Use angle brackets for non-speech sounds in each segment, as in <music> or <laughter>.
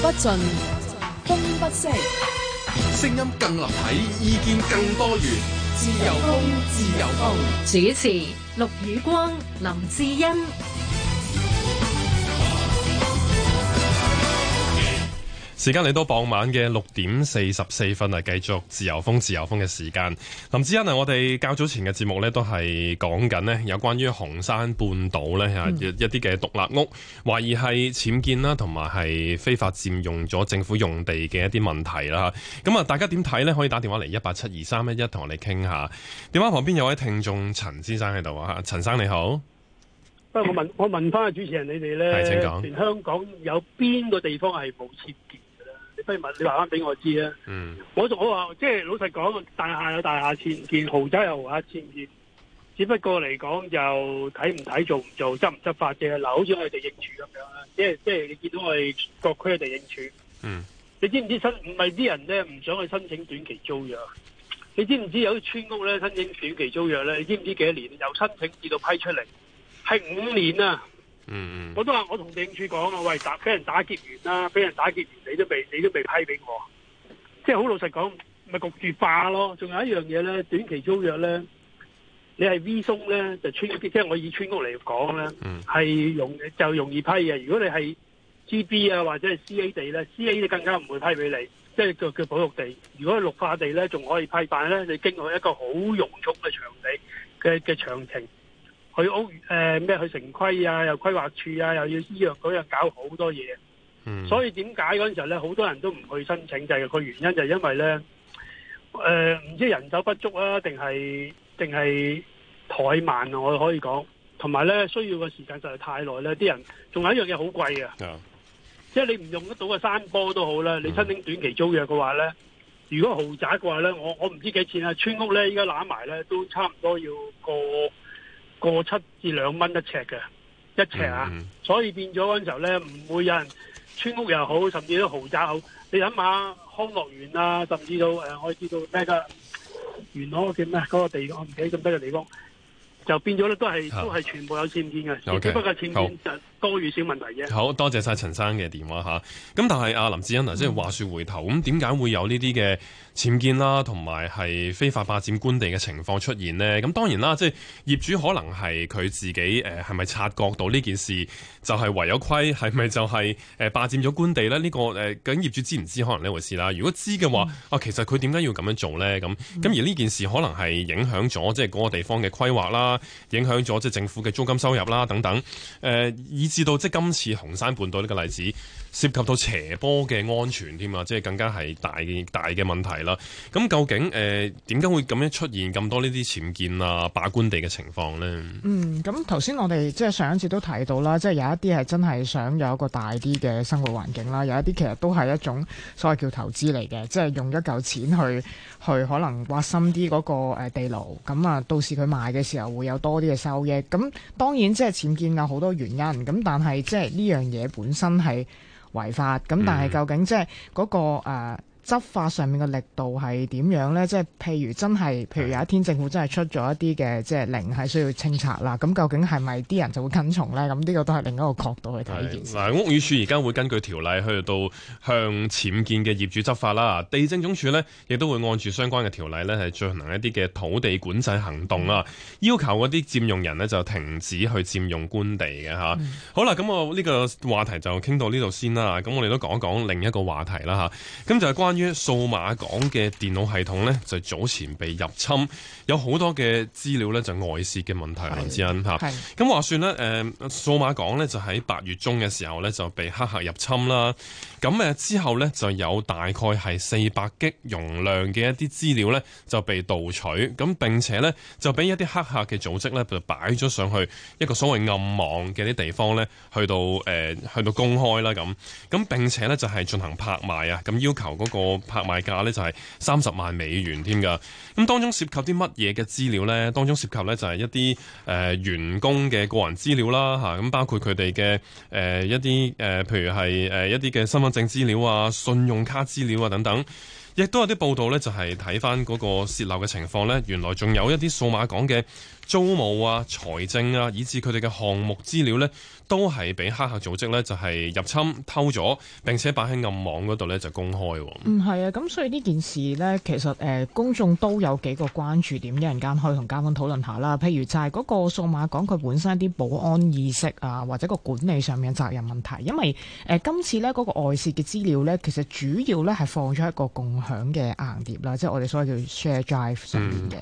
不盡，風不息，聲音更立體，意見更多元，自由風，自由風。主持：陸宇光，林志恩。時間嚟到傍晚嘅六點四十四分啊，繼續自由風自由風嘅時間。林志欣啊，我哋較早前嘅節目呢都係講緊呢有關於紅山半島呢吓一啲嘅獨立屋懷疑係僭建啦，同埋係非法佔用咗政府用地嘅一啲問題啦。咁啊，大家點睇呢？可以打電話嚟一八七二三一一同我哋傾下。電話旁邊有位聽眾陳先生喺度啊，陳生你好。不過我問我問翻主持人你，你哋咧係，請講。全香港有邊個地方係冇僭你話翻俾我知啦。嗯，我仲好話即係老實講，大廈有大廈僭建，豪宅有豪宅僭建。只不過嚟講就睇唔睇，做唔做，執唔執法嘅。嗱，好似我哋地政處咁樣啦，即係即係你見到我哋各區嘅地政處。嗯，你知唔知申？唔係啲人咧唔想去申請短期租約。你知唔知有啲村屋咧申請短期租約咧？你知唔知幾多年由申請至到批出嚟係五年啊？嗯、mm-hmm. 嗯，我都話我同地政處講，我喂打俾人打劫完啦，俾人打劫完，你都未你都未批俾我，即係好老實講，咪焗住化咯。仲有一樣嘢咧，短期租約咧，你係 V 松咧就村即係我以村屋嚟講咧，係容就容易批嘅。如果你係 G B 啊或者係 C A 地咧，C A 就更加唔會批俾你，即係叫叫保育地。如果係綠化地咧，仲可以批，但係咧你經過一個好擁擠嘅場地嘅嘅詳情。的的的場去屋誒咩？去城規啊，又規劃署啊，又要醫藥嗰樣啊，搞好多嘢。嗯、mm.。所以點解嗰陣時候咧，好多人都唔去申請，就係、是、個原因，就係因為咧誒，唔、呃、知人手不足啊，定係定係怠慢、啊，我可以講。同埋咧，需要嘅時間實在太耐啦，啲人仲有一樣嘢好貴啊。即、yeah. 係你唔用得到嘅山坡都好啦，你申請短期租約嘅話咧，mm. 如果豪宅嘅話咧，我我唔知幾錢啦、啊。村屋咧，依家攬埋咧，都差唔多要個。過七至兩蚊一尺嘅一尺啊、嗯嗯，所以變咗嗰陣時候咧，唔會有人村屋又好，甚至都豪宅好。你諗下康樂園啊，甚至到誒，可、呃、以叫做咩噶元朗嘅咩嗰個地方，唔記得咁低嘅地方，就變咗咧、啊，都係都係全部有青片嘅，Okay. 只不過青片。就。多餘少問題嘅，好多謝晒陳生嘅電話吓，咁但係阿林志恩啊，即係話説回頭，咁點解會有呢啲嘅僭建啦，同埋係非法霸佔官地嘅情況出現呢？咁當然啦，即係業主可能係佢自己誒，係咪察覺到呢件事就係違咗規，係咪就係誒霸佔咗官地咧？呢、呢個究竟業主知唔知可能呢回事啦？如果知嘅話，啊，其實佢點解要咁樣做咧？咁咁而呢件事可能係影響咗即係嗰個地方嘅規劃啦，影響咗即係政府嘅租金收入啦等等。誒知道即係今次紅山半島呢個例子。涉及到斜坡嘅安全添啊，即係更加係大大嘅問題啦。咁究竟誒點解會咁樣出現咁多呢啲僭建啊、把官地嘅情況咧？嗯，咁頭先我哋即係上一次都提到啦，即係有一啲係真係想有一個大啲嘅生活環境啦，有一啲其實都係一種所謂叫投資嚟嘅，即係用一嚿錢去去可能挖深啲嗰個誒地牢，咁啊到時佢賣嘅時候會有多啲嘅收益。咁當然即係僭建有好多原因，咁但係即係呢樣嘢本身係。違法咁，但係究竟即係嗰個、嗯啊執法上面嘅力度係點樣呢？即係譬如真係，譬如有一天政府真係出咗一啲嘅，即係零係需要清拆啦。咁究竟係咪啲人就會跟從咧？咁呢個都係另一個角度去睇件事。嗱，屋宇署而家會根據條例去到向僭建嘅業主執法啦。地政總署呢亦都會按住相關嘅條例呢，係進行一啲嘅土地管制行動啊，要求嗰啲佔用人呢，就停止去佔用官地嘅吓，好啦，咁我呢個話題就傾到呢度先啦。咁我哋都講一講另一個話題啦吓，咁就係關於於數碼港嘅電腦系統咧，就早前被入侵，有好多嘅資料咧就外泄嘅問題林志恩吓，咁、啊、話說咧，誒數碼港咧就喺八月中嘅時候咧就被黑客入侵啦，咁誒之後咧就有大概係四百吉容量嘅一啲資料咧就被盜取，咁並且咧就俾一啲黑客嘅組織咧就擺咗上去一個所謂暗網嘅啲地方咧，去到誒、呃、去到公開啦咁，咁並且咧就係、是、進行拍賣啊，咁要求、嗰個。拍賣價咧就係三十萬美元添噶，咁當中涉及啲乜嘢嘅資料咧？當中涉及咧就係一啲誒員工嘅個人資料啦，吓咁包括佢哋嘅誒一啲誒，譬如係誒一啲嘅身份證資料啊、信用卡資料啊等等。亦都有啲報道呢，就係睇翻嗰個洩漏嘅情況呢，原來仲有一啲數碼港嘅租務啊、財政啊，以至佢哋嘅項目資料呢，都係俾黑客組織呢，就係入侵偷咗，並且擺喺暗網嗰度呢，就公開。嗯，係啊，咁所以呢件事呢，其實誒、呃，公眾都有幾個關注點，一陣間可以同嘉賓討論下啦。譬如就係嗰個數碼港佢本身一啲保安意識啊，或者個管理上面嘅責任問題，因為誒、呃、今次呢，嗰個外洩嘅資料呢，其實主要呢，係放咗一個共共享嘅硬碟啦，即係我哋所謂叫 share drive 上面嘅，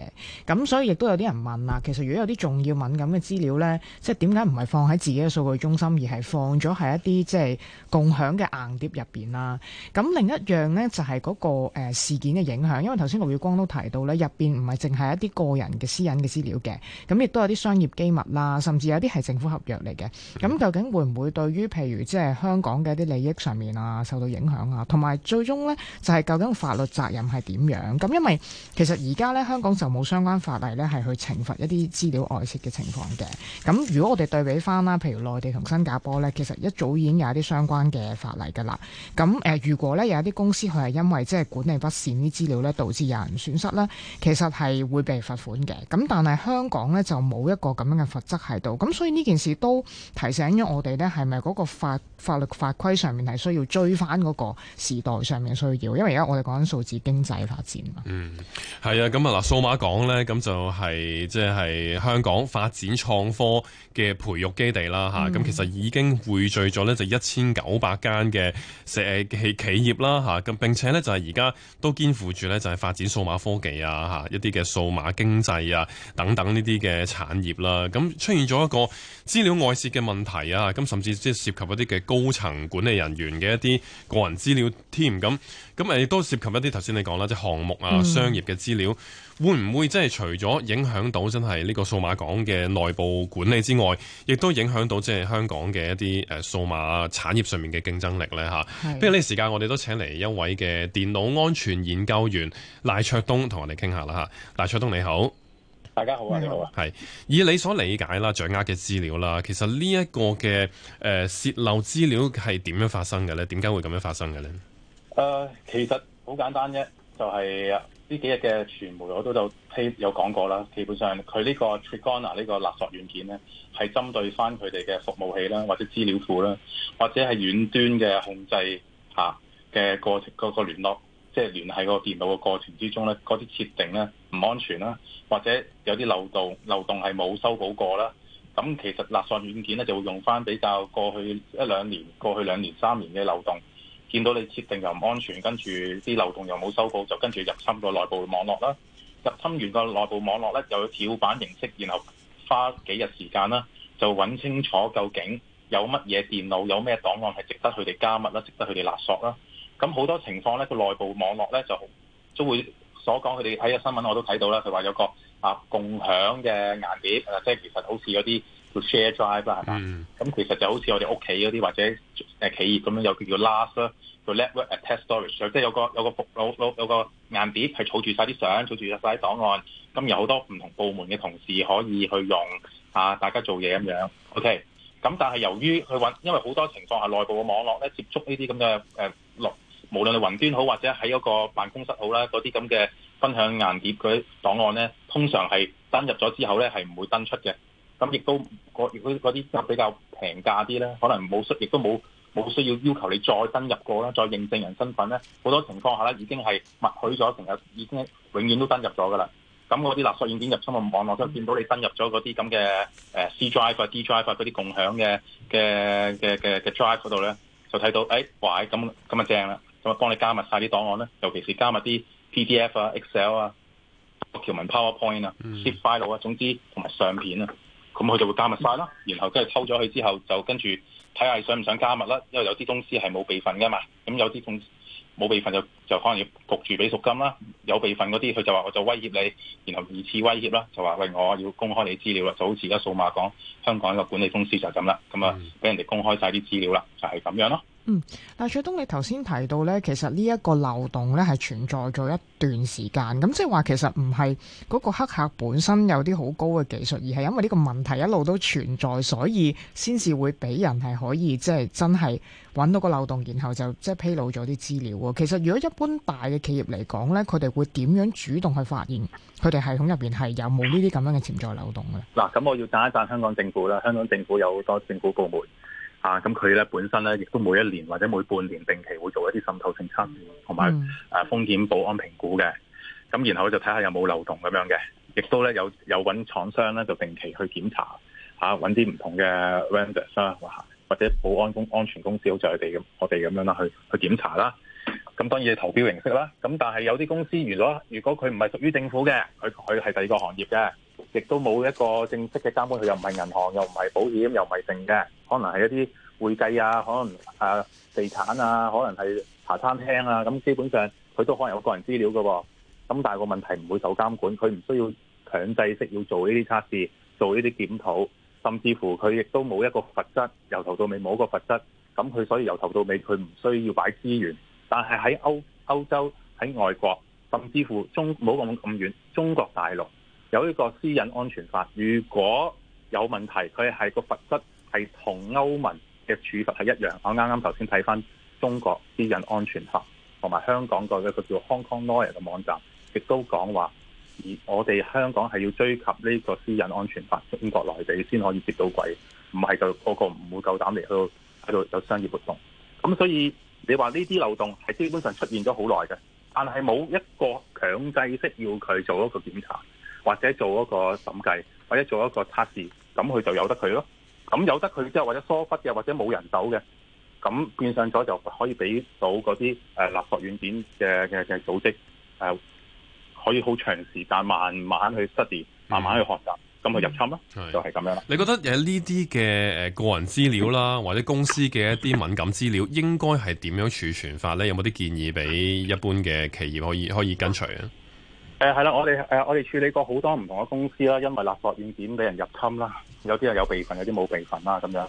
咁、嗯、所以亦都有啲人問啦。其實如果有啲重要敏感嘅資料咧，即係點解唔係放喺自己嘅數據中心，而係放咗喺一啲即係共享嘅硬碟入邊啦？咁另一樣咧就係、是、嗰、那個、呃、事件嘅影響，因為頭先陸月光都提到咧，入邊唔係淨係一啲個人嘅私隱嘅資料嘅，咁亦都有啲商業機密啦，甚至有啲係政府合約嚟嘅。咁、嗯、究竟會唔會對於譬如即係香港嘅一啲利益上面啊受到影響啊？同埋最終咧就係、是、究竟法律責任係點樣？咁因為其實而家咧香港就冇相關法例咧，係去懲罰一啲資料外泄嘅情況嘅。咁如果我哋對比翻啦，譬如內地同新加坡咧，其實一早已經有一啲相關嘅法例噶啦。咁誒，如果咧有一啲公司佢係因為即係、就是、管理不善啲資料咧，導致有人損失咧，其實係會被罰款嘅。咁但係香港咧就冇一個咁樣嘅罰則喺度。咁所以呢件事都提醒咗我哋咧，係咪嗰個法法律法規上面係需要追翻嗰個時代上面嘅需要？因為而家我哋講，講數字經濟發展，嗯，係啊。咁啊，嗱、就是，數碼港咧，咁就係即係香港發展創科嘅培育基地啦。吓、嗯，咁其實已經匯聚咗呢就一千九百間嘅社企企業啦。吓，咁並且呢就係而家都肩負住呢就係發展數碼科技啊，吓一啲嘅數碼經濟啊，等等呢啲嘅產業啦。咁出現咗一個資料外泄嘅問題啊，咁甚至即係涉及一啲嘅高層管理人員嘅一啲個人資料添咁。咁誒亦都涉及一啲頭先你講啦，即係項目啊、商業嘅資料，會唔會即係除咗影響到真係呢個數碼港嘅內部管理之外，亦都影響到即係香港嘅一啲誒數碼產業上面嘅競爭力咧？吓，不如呢個時間，我哋都請嚟一位嘅電腦安全研究員賴灼東同我哋傾下啦吓，賴灼東你好，大家好啊，你好啊。係以你所理解啦、掌握嘅資料啦，其實呢一個嘅誒洩漏資料係點樣發生嘅咧？點解會咁樣發生嘅咧？誒、uh,，其實好簡單啫，就係、是、呢幾日嘅傳媒我都就有講過啦。基本上佢呢個 Trigona 呢個勒索軟件咧，係針對翻佢哋嘅服務器啦，或者資料庫啦，或者係遠端嘅控制嚇嘅過程。那個聯絡，即、就、係、是、聯繫個電腦嘅過程之中咧，嗰啲設定咧唔安全啦，或者有啲漏洞，漏洞係冇修補過啦。咁其實勒索軟件咧就會用翻比較過去一兩年、過去兩年三年嘅漏洞。見到你設定又唔安全，跟住啲漏洞又冇修補，就跟住入侵個內，內部網絡啦。入侵完個內部網絡咧，又要跳板形式，然後花幾日時間啦，就揾清楚究竟有乜嘢電腦有咩檔案係值得佢哋加密啦，值得佢哋勒索啦。咁好多情況咧，個內部網絡咧就都會所講，佢哋睇嘅新聞我都睇到啦。佢話有個啊共享嘅硬碟，即係其實好似嗰啲。share drive 啦、嗯，咁其實就好似我哋屋企嗰啲或者誒企業咁樣，有叫做 last，叫 network attached storage，即係有個有個有個硬碟係儲住晒啲相，儲住晒啲檔案，咁有好多唔同部門嘅同事可以去用啊，大家做嘢咁樣。OK，咁但係由於佢因為好多情況下內部嘅網絡咧，接觸呢啲咁嘅誒，無論係雲端好或者喺嗰個辦公室好啦，嗰啲咁嘅分享硬碟嗰啲檔案咧，通常係登入咗之後咧係唔會登出嘅。咁亦都嗰嗰啲就比較平價啲咧，可能冇需，亦都冇冇需要要求你再登入過啦，再認證人身份咧，好多情況下咧已經係默許咗成日，已經，已經永遠都登入咗噶啦。咁嗰啲垃圾軟件入侵個網絡，就見到你登入咗嗰啲咁嘅誒 C drive 啊、D drive 啊嗰啲共享嘅嘅嘅嘅嘅 drive 嗰度咧，就睇到誒喂，咁咁啊正啦，咁啊幫你加密晒啲檔案咧，尤其是加密啲 PDF 啊、Excel 啊、條文 PowerPoint 啊、slide、嗯、啊，總之同埋相片啊。咁佢就會加密曬啦，然後跟住偷咗佢之後，就跟住睇下想唔想加密啦。因為有啲公司係冇備份嘅嘛，咁有啲公司冇備份就就可能要焗住俾贖金啦。有備份嗰啲，佢就話我就威脅你，然後二次威脅啦，就話喂我要公開你資料啦，就好似而家數碼港香港一個管理公司就咁啦，咁啊俾人哋公開曬啲資料啦，就係、是、咁樣咯。嗯，嗱，灼東，你頭先提到咧，其實呢一個漏洞咧係存在咗一段時間，咁即係話其實唔係嗰個黑客本身有啲好高嘅技術，而係因為呢個問題一路都存在，所以先至會俾人係可以即係、就是、真係揾到個漏洞，然後就即係披露咗啲資料。其實如果一般大嘅企業嚟講咧，佢哋會點樣主動去發現佢哋系統入邊係有冇呢啲咁樣嘅潛在漏洞呢？嗱，咁我要贊一贊香港政府啦，香港政府有好多政府部門。啊，咁佢咧本身咧，亦都每一年或者每半年定期會做一啲滲透性測試同埋啊風險保安評估嘅。咁然後就睇下有冇漏洞咁樣嘅，亦都咧有有揾廠商咧就定期去檢查，吓揾啲唔同嘅 vendors，啊、或者保安公安全公司好似、就是、我哋咁，我哋咁樣啦，去去檢查啦。咁當然投標形式啦。咁但係有啲公司如果如果佢唔係屬於政府嘅，佢佢係第二個行業嘅。亦都冇一個正式嘅監管，佢又唔係銀行，又唔係保險，又唔係剩嘅，可能係一啲會計啊，可能啊地產啊，可能係茶餐廳啊，咁基本上佢都可能有個人資料㗎喎，咁但係個問題唔會受監管，佢唔需要強制式要做呢啲測試，做呢啲檢討，甚至乎佢亦都冇一個罰則，由頭到尾冇一個罰則，咁佢所以由頭到尾佢唔需要擺資源，但係喺歐歐洲喺外國，甚至乎中冇咁咁遠，中國大陸。有一個私隱安全法，如果有問題，佢係個罰則係同歐盟嘅處罰係一樣。我啱啱頭先睇返中國私隱安全法，同埋香港個呢個叫 Hong Kong Lawyer 嘅網站，亦都講話，而我哋香港係要追及呢個私隱安全法，中國內地先可以接到軌，唔係就個個唔會夠膽嚟去喺度有商業活動。咁所以你話呢啲漏洞係基本上出現咗好耐嘅，但係冇一個強制式要佢做一個檢查。或者做一個審計，或者做一個測試，咁佢就有得佢咯。咁有得佢之後，或者疏忽嘅，或者冇人手嘅，咁變相咗就可以俾到嗰啲誒垃圾軟件嘅嘅嘅組織、呃、可以好長時間慢慢去 study，慢慢去學習，咁、嗯、去入侵咯、嗯。就係、是、咁樣啦。你覺得呢啲嘅誒個人資料啦， <laughs> 或者公司嘅一啲敏感資料，應該係點樣儲存法咧？有冇啲建議俾一般嘅企業可以可以跟隨啊？誒，係啦，我哋誒，我哋處理過好多唔同嘅公司啦，因為勒索軟件俾人入侵啦，有啲係有備份，有啲冇備份啦，咁樣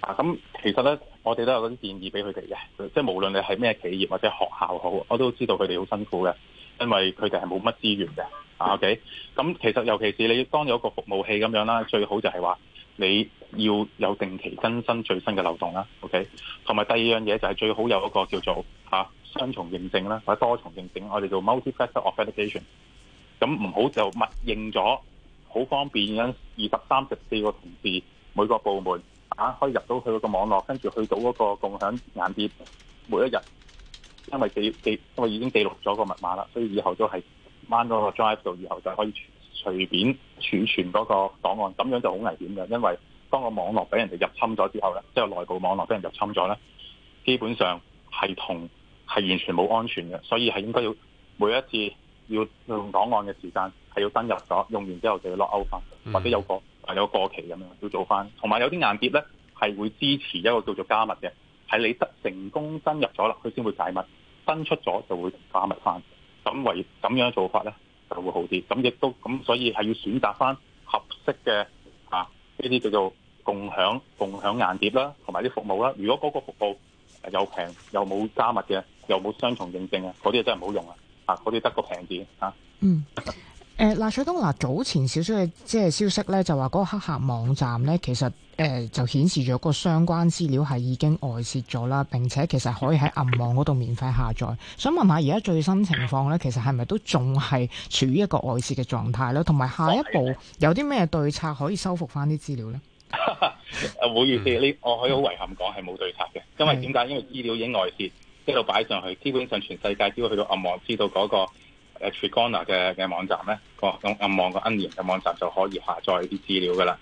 啊。咁其實咧，我哋都有嗰啲建議俾佢哋嘅，即係無論你係咩企業或者學校好，我都知道佢哋好辛苦嘅，因為佢哋係冇乜資源嘅。O K. 咁其實尤其是你當有一個服務器咁樣啦，最好就係話你要有定期更新最新嘅漏洞啦。O K. 同埋第二樣嘢就係最好有一個叫做吓。啊雙重認證啦，或者多重認證，我哋做 multi-factor authentication。咁唔好就默認咗，好方便。因二十三、十四個同事每個部門打開可以入到去個網絡，跟住去到嗰個共享硬碟。每一日因為記因為已經記錄咗個密碼啦，所以以後都係掹咗個 drive 度，以後就可以隨便儲存嗰個檔案。咁樣就好危險嘅，因為當個網絡俾人哋入侵咗之後咧，即係內部網絡俾人入侵咗咧，基本上係同係完全冇安全嘅，所以係應該要每一次要用檔案嘅時間係要登入咗，用完之後就要 lock out 翻，或者有個、啊、有個過期咁樣要做翻。同埋有啲硬碟咧係會支持一個叫做加密嘅，係你得成功登入咗啦，佢先會解密，登出咗就會加密翻。咁為咁樣做法咧就會好啲。咁亦都咁，所以係要選擇翻合適嘅啊呢啲叫做共享共享硬碟啦，同埋啲服務啦。如果嗰個服務、呃、又平又冇加密嘅。有冇雙重認證啊？嗰啲真係唔好用啊！啊，嗰啲得個平字吓。嗯。誒、呃，嗱，灼東嗱，早前少少嘅即係消息咧，就話嗰個黑客網站咧，其實誒、呃、就顯示咗嗰個相關資料係已經外泄咗啦。並且其實可以喺暗網嗰度免費下載。 <laughs> 想問下，而家最新情況咧，其實係咪都仲係處於一個外泄嘅狀態咧？同埋下一步有啲咩對策可以修復翻啲資料咧？啊，唔好意思，呢、嗯，我可以好遺憾講係冇對策嘅，因為點解？因為資料已經外泄。呢度擺上去，基本上全世界只要去到暗網，知道嗰個 Trigona 嘅嘅網站咧，個暗暗網個 Onion 嘅網站就可以下載啲資料噶啦。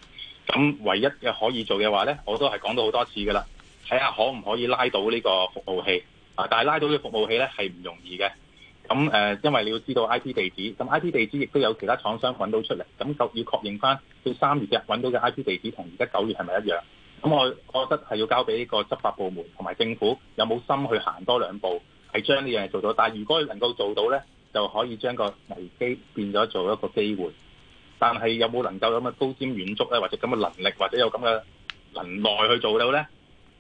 咁唯一嘅可以做嘅話咧，我都係講到好多次噶啦，睇下可唔可以拉到呢個服務器啊？但係拉到呢個服務器咧係唔容易嘅。咁誒，因為你要知道 I P 地址，咁 I P 地址亦都有其他廠商揾到出嚟，咁就要確認翻，佢三月嘅揾到嘅 I P 地址同而家九月係咪一樣？咁我，我覺得係要交俾呢個執法部門同埋政府有冇心去行多兩步，係將呢樣嘢做到。但係如果能夠做到咧，就可以將個危機變咗做一個機會。但係有冇能夠有咁嘅高瞻遠足咧，或者咁嘅能力，或者有咁嘅能耐去做到咧？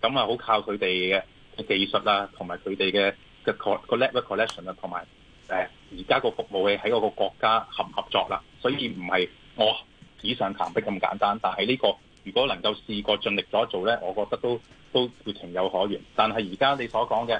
咁啊，好靠佢哋嘅技術啦，同埋佢哋嘅嘅個 data collection 啊，同埋而家個服務器喺嗰個國家合唔合作啦、啊？所以唔係我紙上談兵咁簡單。但係呢、呢個。如果能夠試過盡力咗做，做呢，我覺得都都會情有可原。但係而家你所講嘅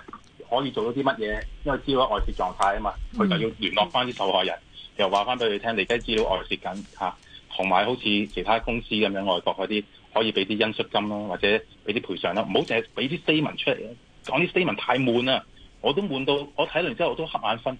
可以做到啲乜嘢？因為資料外泄狀態啊嘛，佢就要聯絡翻啲受害人，又話翻俾佢聽，你而家資料外泄緊嚇。同、啊、埋好似其他公司咁樣，外國嗰啲可以俾啲恩恤金啦、啊，或者俾啲賠償啦，唔好淨係畀啲 statement 出嚟啊！來講啲 statement 太悶啦、啊，我都悶到我睇完之後我都黑眼瞓。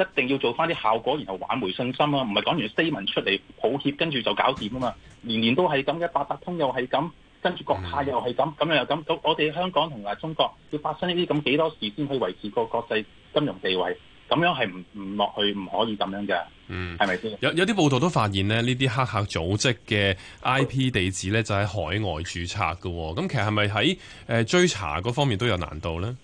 一定要做翻啲效果，然後挽回信心啊！唔係講完 statement 出嚟，抱歉，跟住就搞掂啊嘛！年年都係咁，一八達通又係咁，跟住國泰又係咁，咁又咁咁。我哋香港同埋中國要發生呢啲咁幾多事先，可以維持個國際金融地位？咁樣係唔唔落去，唔可以咁樣嘅。嗯，係咪先有有啲報道都發現咧，呢啲黑客組織嘅 I P 地址咧就喺海外註冊嘅。咁其實係咪喺誒追查嗰方面都有難度咧？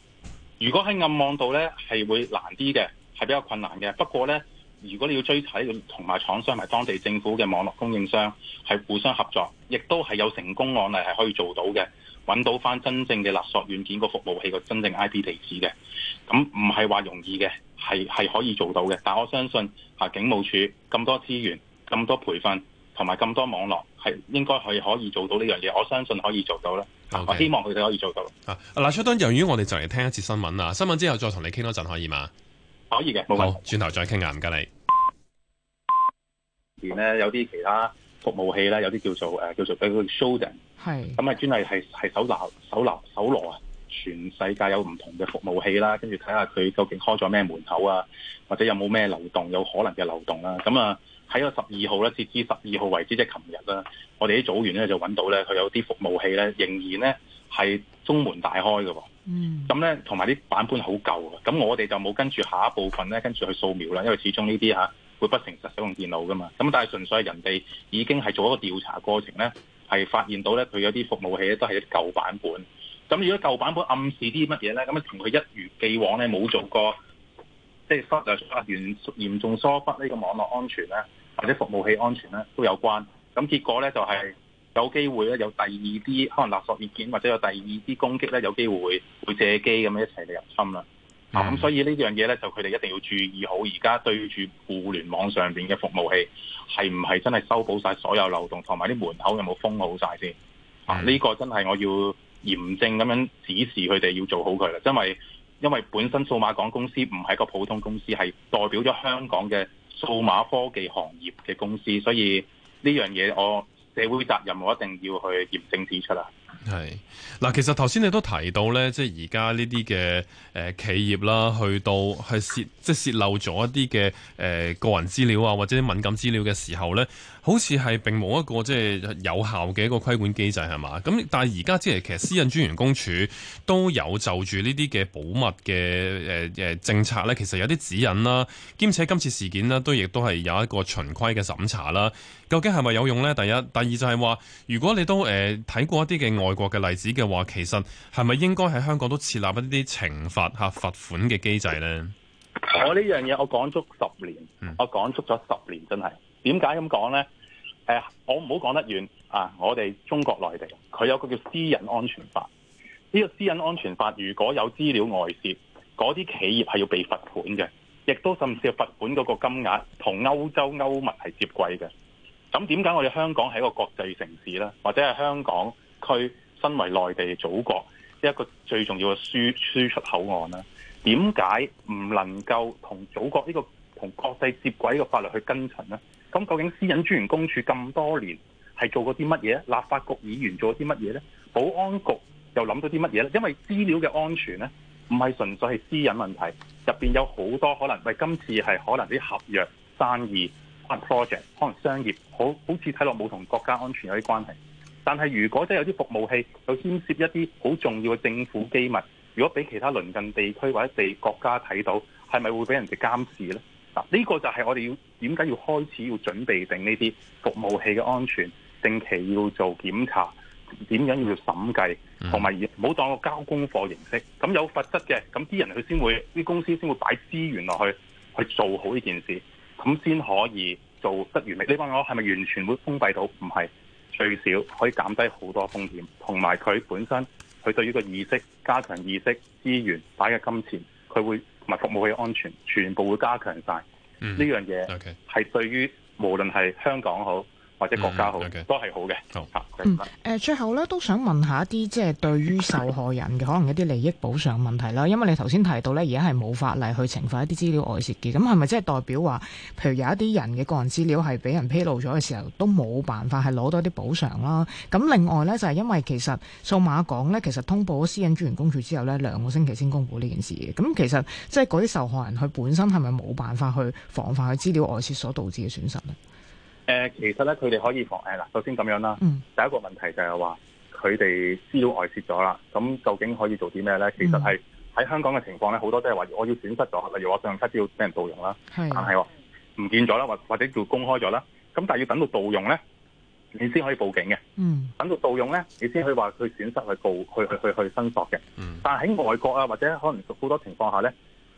如果喺暗網度咧，係會難啲嘅。係比較困難嘅，不過呢，如果你要追睇同埋廠商、埋當地政府嘅網絡供應商係互相合作，亦都係有成功案例係可以做到嘅，揾到翻真正嘅勒索軟件個服務器個真正 IP 地址嘅。咁唔係話容易嘅，係可以做到嘅。但我相信嚇、啊、警務處咁多資源、咁多培訓同埋咁多網絡係應該係可以做到呢樣嘢。我相信可以做到啦、okay. 啊。我希望佢哋可以做到。啊，嗱，灼東由於我哋就嚟聽一次新聞啦。新聞之後再同你傾多陣，可以嘛？可以嘅，冇問題。轉頭再傾下，唔該你。而咧有啲其他服務器咧，有啲叫做誒、呃、叫做俾佢 Shodan，係咁啊專係係係搜羅、搜羅、搜羅啊！全世界有唔同嘅服務器啦，跟住睇下佢究竟開咗咩門口啊，或者有冇咩漏洞，有可能嘅漏洞啦。咁啊喺個十二號咧，截至十二號為止，即係琴日啦，我哋啲組員咧就揾到咧，佢有啲服務器咧仍然咧。係中門大開嘅、哦，咁咧同埋啲版本好舊嘅，咁我哋就冇跟住下一部分咧，跟住去掃描啦，因為始終呢啲嚇會不誠實使用電腦㗎嘛。咁但係純粹係人哋已經係做一個調查過程咧，係發現到咧佢有啲服務器咧都係啲舊版本。咁如果舊版本暗示啲乜嘢咧，咁啊同佢一如既往咧冇做過即係疏啊嚴嚴重疏忽呢個網絡安全咧，或者服務器安全咧都有關。咁結果咧就係、是。有機會咧，有第二啲可能勒索事件，或者有第二啲攻擊咧，有機會會，會借機咁樣一齊嚟入侵啦。Mm. 啊，咁所以呢樣嘢咧，就佢哋一定要注意好，而家對住互聯網上邊嘅服務器，係唔係真係修補晒所有漏洞，同埋啲門口有冇封好晒先？Mm. 啊，呢個真係我要嚴正咁樣指示佢哋要做好佢啦，因為因為本身數碼港公司唔係個普通公司，係代表咗香港嘅數碼科技行業嘅公司，所以呢樣嘢我，社會責任，我一定要去嚴正指出啊。係嗱，其實頭先你都提到咧，即係而家呢啲嘅誒企業啦，去到去泄即係、就是、泄漏咗一啲嘅誒個人資料啊，或者敏感資料嘅時候咧，好似係並冇一個即係有效嘅一個規管機制係嘛？咁但係而家即係，其實私隱專員公署都有就住呢啲嘅保密嘅誒誒政策咧，其實有啲指引啦，兼且今次事件呢，都亦都係有一個循規嘅審查啦。究竟係咪有用咧？第一，第二就係話，如果你都誒睇，呃、過一啲嘅。外國嘅例子嘅話，其實係咪應該喺香港都設立一啲懲罰吓罰款嘅機制咧？我呢樣嘢我講足十年，嗯、我講足咗十年真係，真係點解咁講咧？誒、呃，我唔好講得遠啊！我哋中國內地佢有個叫《私隱安全法》這，呢個《私隱安全法》如果有資料外泄，嗰啲企業係要被罰款嘅，亦都甚至罰款嗰個金額同歐洲歐盟係接軌嘅。咁點解我哋香港係一個國際城市咧？或者係香港？佢身為內地的祖國一個最重要嘅輸輸出口岸啦，點解唔能夠同祖國呢個同國際接軌嘅法律去跟循呢？咁究竟私隱專員公署咁多年係做過啲乜嘢？立法局議員做過啲乜嘢咧？保安局又諗到啲乜嘢咧？因為資料嘅安全咧，唔係純粹係私隱問題，入邊有好多可能，為今次係可能啲合約生意 project，可能商業好好似睇落冇同國家安全有啲關係。但係，如果真係有啲服務器就牽涉一啲好重要嘅政府機密，如果俾其他鄰近地區或者地國家睇到，係咪會俾人哋監視呢？嗱，呢個就係我哋要點解要開始要準備定呢啲服務器嘅安全，定期要做檢查，點樣要做審計，同埋唔好當個交功課形式。咁有罰則嘅，咁啲人佢先會啲公司先會擺資源落去去做好呢件事，咁先可以做得完美。你問我係咪完全會封閉到？唔係。最少可以減低好多風險，同埋佢本身佢對於個意識、加強意識、資源擺嘅金錢，佢會同埋服務器安全，全部會加強曬呢、嗯、樣嘢，係對於、okay. 無論係香港好，或者國家好嘅，嗯 okay. 都係好嘅。好嚇。最後咧，都想問一下一啲，即係對於受害人嘅可能一啲利益補償問題啦。因為你頭先提到咧，而家係冇法例去懲罰一啲資料外泄嘅，咁係咪即係代表話，譬如有一啲人嘅個人資料係俾人披露咗嘅時候，都冇辦法係攞多啲補償啦？咁另外咧，就係因為其實數碼港咧，其實通報私隱專員公署之後咧，兩個星期先公佈呢件事。咁其實即係嗰啲受害人佢本身係咪冇辦法去防範佢資料外泄所導致嘅損失呢？誒、呃，其實咧，佢哋可以防誒，嗱、哎，首先咁樣啦。嗯。第一個問題就係話，佢哋資料外泄咗啦，咁究竟可以做啲咩咧？其實係喺香港嘅情況咧，好多都係話，我要損失咗，例如我信用卡資料俾人盜用啦。係。但係唔見咗啦，或或者叫公開咗啦，咁但係要等到盜用咧，你先可以報警嘅。嗯。等到盜用咧，你先可以話佢損失去告去去去去申索嘅、嗯。但係喺外國啊，或者可能好多情況下咧，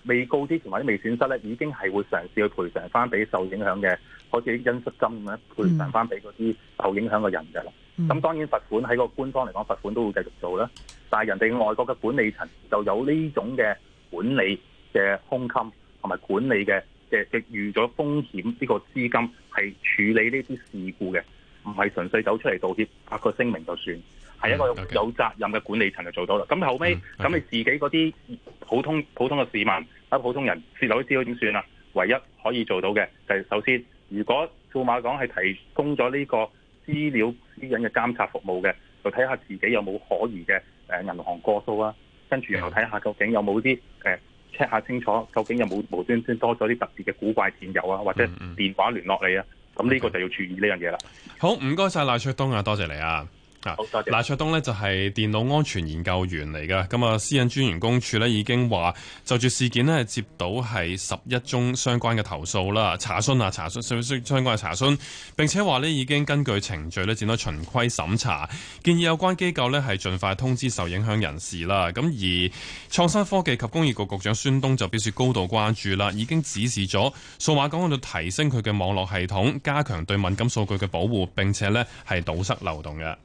未告之前或者未損失咧，已經係會嘗試去賠償翻俾受影響嘅。好似恩恤金咁樣賠償翻俾嗰啲受影響嘅人㗎啦。咁、mm. 當然罰款喺個官方嚟講罰款都會繼續做啦。但係人哋外國嘅管理層就有呢種嘅管理嘅胸襟，同埋管理嘅嘅就預咗風險呢個資金係處理呢啲事故嘅，唔係純粹走出嚟道歉拍個聲明就算，係一個有責任嘅管理層就做到啦。咁後尾，咁你自己嗰啲普通普通嘅市民，喺普通人泄漏知道點算啊？唯一可以做到嘅就係首先。如果數碼港係提供咗呢個資料私隱嘅監察服務嘅，就睇下自己有冇可疑嘅誒、呃、銀行過數啊，跟住然後又睇下究竟有冇啲誒 check 下清楚，究竟有冇無端端多咗啲特別嘅古怪電郵啊，或者電話聯絡你啊，咁、嗯、呢、嗯、個就要注意呢樣嘢啦。好，唔該晒，賴灼東啊，多謝，謝你啊。嗱，賴灼東呢就係電腦安全研究員嚟㗎，咁啊，私隱專員公署呢已經話就住事件呢，接到係十一宗相關嘅投訴啦，查詢啊查詢相相關嘅查詢，並且話呢已經根據程序呢，展開循規審查，建議有關機構呢係盡快通知受影響人士啦。咁而創新科技及工業局局局長孫東就表示高度關注啦，已經指示咗數碼港度提升佢嘅網絡系統，加強對敏感數據嘅保護，並且呢係堵塞漏洞嘅。